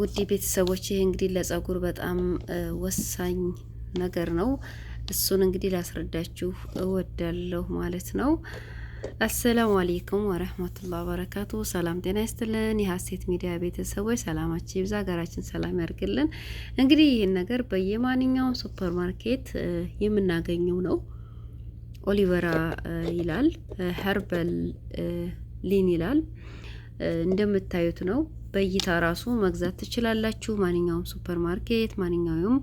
ውድ ቤተሰቦች ይህ እንግዲህ ለጸጉር በጣም ወሳኝ ነገር ነው። እሱን እንግዲህ ላስረዳችሁ እወዳለሁ ማለት ነው። አሰላሙ አሌይኩም ወረህመቱላህ በረካቱ። ሰላም ጤና ይስጥልን። የሀሴት ሚዲያ ቤተሰቦች ሰላማችን ይብዛ፣ ሀገራችን ሰላም ያርግልን። እንግዲህ ይህን ነገር በየማንኛውም ሱፐር ማርኬት የምናገኘው ነው። ኦሊቨራ ይላል፣ ሀርበል ሊን ይላል፣ እንደምታዩት ነው። በእይታ ራሱ መግዛት ትችላላችሁ። ማንኛውም ሱፐር ማርኬት፣ ማንኛውም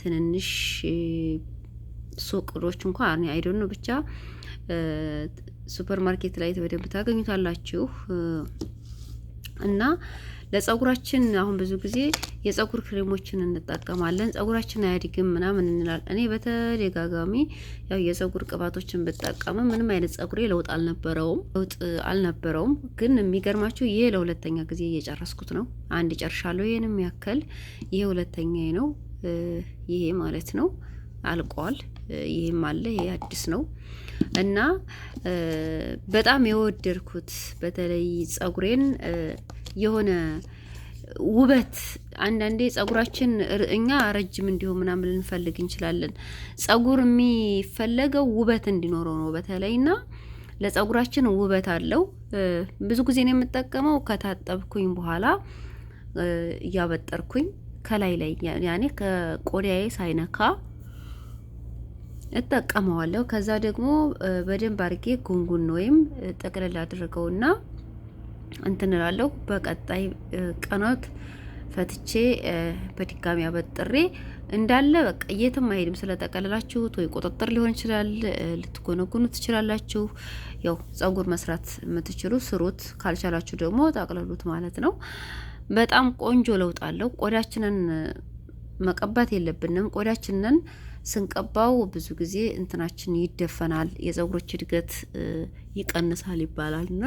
ትንንሽ ሱቆች እንኳ አይዶን ብቻ ሱፐር ማርኬት ላይ በደንብ ታገኙታላችሁ። እና ለጸጉራችን አሁን ብዙ ጊዜ የጸጉር ክሬሞችን እንጠቀማለን። ጸጉራችን አያድግም ምናምን እንላል። እኔ በተደጋጋሚ ያው የጸጉር ቅባቶችን ብጠቀምም ምንም አይነት ጸጉሬ ለውጥ አልነበረውም ለውጥ አልነበረውም። ግን የሚገርማችሁ ይሄ ለሁለተኛ ጊዜ እየጨረስኩት ነው። አንድ ጨርሻለሁ፣ ይህንም ያክል ይሄ ሁለተኛ ነው። ይሄ ማለት ነው አልቋል። ይህም አለ፣ ይሄ አዲስ ነው። እና በጣም የወደድኩት በተለይ ጸጉሬን የሆነ ውበት አንዳንዴ ጸጉራችን እኛ ረጅም እንዲሆን ምናምን ልንፈልግ እንችላለን። ጸጉር የሚፈለገው ውበት እንዲኖረው ነው በተለይ እና ለጸጉራችን ውበት አለው። ብዙ ጊዜ ነው የምጠቀመው ከታጠብኩኝ በኋላ እያበጠርኩኝ ከላይ ላይ ያኔ ከቆዳዬ ሳይነካ እጠቀመዋለሁ። ከዛ ደግሞ በደንብ አርጌ ጉንጉን ወይም ጠቅልል አድርገውና እንትንላለሁ። በቀጣይ ቀናት ፈትቼ በድጋሚ አበጥሬ እንዳለ በቃ የትም አይሄድም። ስለጠቀለላችሁት ወይ ቁጥጥር ሊሆን ይችላል፣ ልትጎነጉኑ ትችላላችሁ። ያው ጸጉር መስራት የምትችሉ ስሩት፣ ካልቻላችሁ ደግሞ ጠቅልሉት ማለት ነው። በጣም ቆንጆ ለውጥ አለው ቆዳችንን መቀባት የለብንም። ቆዳችንን ስንቀባው ብዙ ጊዜ እንትናችን ይደፈናል፣ የፀጉሮች እድገት ይቀንሳል ይባላል እና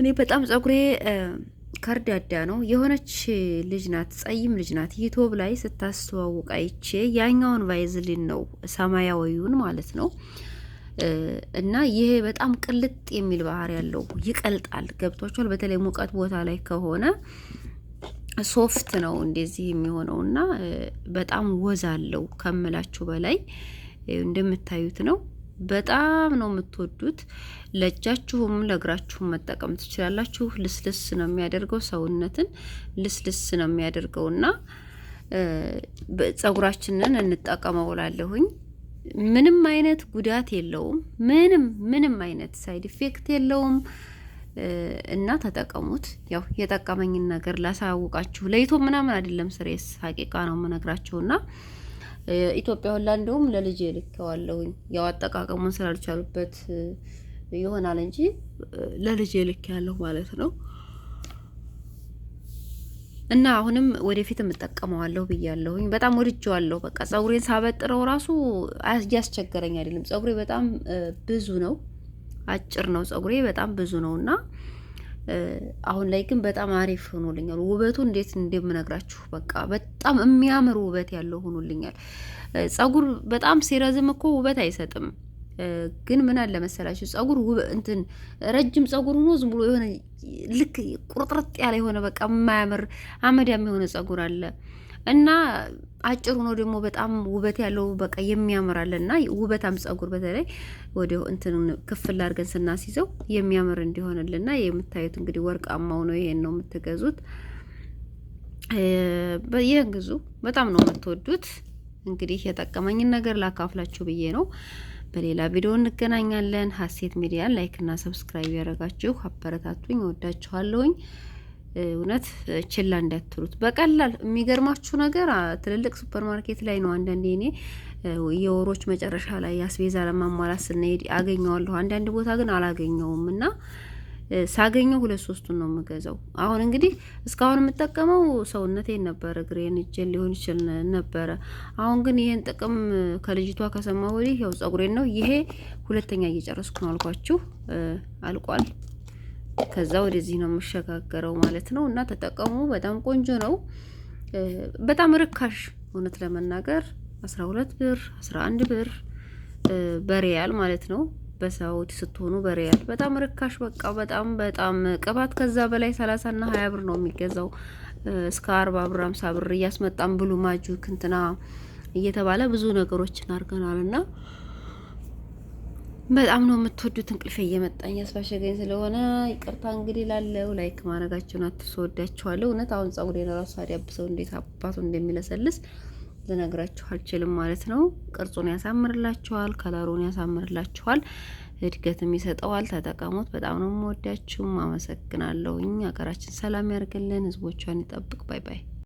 እኔ በጣም ፀጉሬ ከርዳዳ ነው። የሆነች ልጅ ናት፣ ጸይም ልጅ ናት። ዩቱብ ላይ ስታስተዋውቅ አይቼ ያኛውን ቫይዝሊን ነው ሰማያዊውን ማለት ነው እና ይሄ በጣም ቅልጥ የሚል ባህሪ ያለው ይቀልጣል። ገብቷችኋል? በተለይ ሙቀት ቦታ ላይ ከሆነ ሶፍት ነው እንደዚህ የሚሆነው እና በጣም ወዝ አለው ከምላችሁ በላይ እንደምታዩት ነው። በጣም ነው የምትወዱት። ለእጃችሁም ለእግራችሁም መጠቀም ትችላላችሁ። ልስልስ ነው የሚያደርገው ሰውነትን ልስልስ ነው የሚያደርገው እና ጸጉራችንን እንጠቀመው ላለሁኝ ምንም አይነት ጉዳት የለውም። ምንም ምንም አይነት ሳይድ ኢፌክት የለውም። እና ተጠቀሙት። ያው የጠቀመኝን ነገር ላሳውቃችሁ ለይቶ ምናምን አይደለም ስሬስ ሀቂቃ ነው የምነግራችሁና ኢትዮጵያ ሁላ እንደውም ለልጅ ልኬዋለሁኝ። ያው አጠቃቀሙን ስላልቻሉበት ይሆናል እንጂ ለልጄ ያለሁ ማለት ነው። እና አሁንም ወደፊት እጠቀመዋለሁ ብያለሁኝ። በጣም ወድጀዋለሁ። በቃ ጸጉሬን ሳበጥረው ራሱ እያስቸገረኝ አይደለም። ጸጉሬ በጣም ብዙ ነው። አጭር ነው ጸጉሬ በጣም ብዙ ነው እና አሁን ላይ ግን በጣም አሪፍ ሆኖልኛል። ውበቱ እንዴት እንደምነግራችሁ በቃ በጣም የሚያምር ውበት ያለው ሆኖልኛል። ጸጉር በጣም ሲረዝም እኮ ውበት አይሰጥም። ግን ምን አለ መሰላችሁ ጸጉር ውብ እንትን ረጅም ጸጉር ሆኖ ዝም ብሎ የሆነ ልክ ቁርጥርጥ ያለ የሆነ በቃ የማያምር አመዳም የሆነ ጸጉር አለ። እና አጭር ሆኖ ደግሞ በጣም ውበት ያለው በቃ የሚያምራል እና ውበታም ጸጉር በተለይ ወደ እንትን ክፍል አድርገን ስናስይዘው የሚያምር እንዲሆንልና የምታዩት እንግዲህ ወርቃማው ነው። ይሄን ነው የምትገዙት። ይህን ግዙ፣ በጣም ነው የምትወዱት። እንግዲህ የጠቀመኝን ነገር ላካፍላችሁ ብዬ ነው። በሌላ ቪዲዮ እንገናኛለን። ሀሴት ሚዲያን ላይክ እና ሰብስክራይብ ያደረጋችሁ አበረታቱኝ። ወዳችኋለሁኝ። እውነት ችላ እንዳትሉት። በቀላል የሚገርማችሁ ነገር ትልልቅ ሱፐርማርኬት ላይ ነው። አንዳንዴ እኔ የወሮች መጨረሻ ላይ አስቤዛ ለማሟላት ስንሄድ አገኘዋለሁ። አንዳንድ ቦታ ግን አላገኘውም እና ሳገኘው ሁለት ሶስቱን ነው የምገዛው። አሁን እንግዲህ እስካሁን የምጠቀመው ሰውነቴን ነበረ፣ እግሬን፣ እጄን ሊሆን ይችል ነበረ። አሁን ግን ይሄን ጥቅም ከልጅቷ ከሰማ ወዲህ ያው ጸጉሬን ነው። ይሄ ሁለተኛ እየጨረስኩ ነው አልኳችሁ፣ አልቋል። ከዛ ወደዚህ ነው የምሸጋገረው ማለት ነው። እና ተጠቀሙ። በጣም ቆንጆ ነው። በጣም ርካሽ እውነት ለመናገር 12 ብር 11 ብር በሪያል ማለት ነው። በሳውዲ ስትሆኑ በሪያል በጣም ርካሽ በቃ በጣም በጣም ቅባት ከዛ በላይ 30 እና 20 ብር ነው የሚገዛው እስከ 40 ብር 50 ብር እያስመጣም ብሉ ማጁክ እንትና እየተባለ ብዙ ነገሮችን አድርገናል እና በጣም ነው የምትወዱት። እንቅልፌ እየመጣኝ ያስባሸገኝ ስለሆነ ይቅርታ እንግዲህ ላለው ላይክ ማድረጋቸውን አትርሱ። ወዳችኋለሁ። እውነት አሁን ጸጉሬን ራሱ አዲያብሰው እንዴት አባቱ እንደሚለሰልስ ልነግራችሁ አልችልም ማለት ነው። ቅርጹን ያሳምርላችኋል፣ ከለሩን ያሳምርላችኋል፣ እድገትም ይሰጠዋል። ተጠቀሙት። በጣም ነው የምወዳችሁም። አመሰግናለሁኝ። ሀገራችን ሰላም ያርግልን፣ ህዝቦቿን ይጠብቅ። ባይ ባይ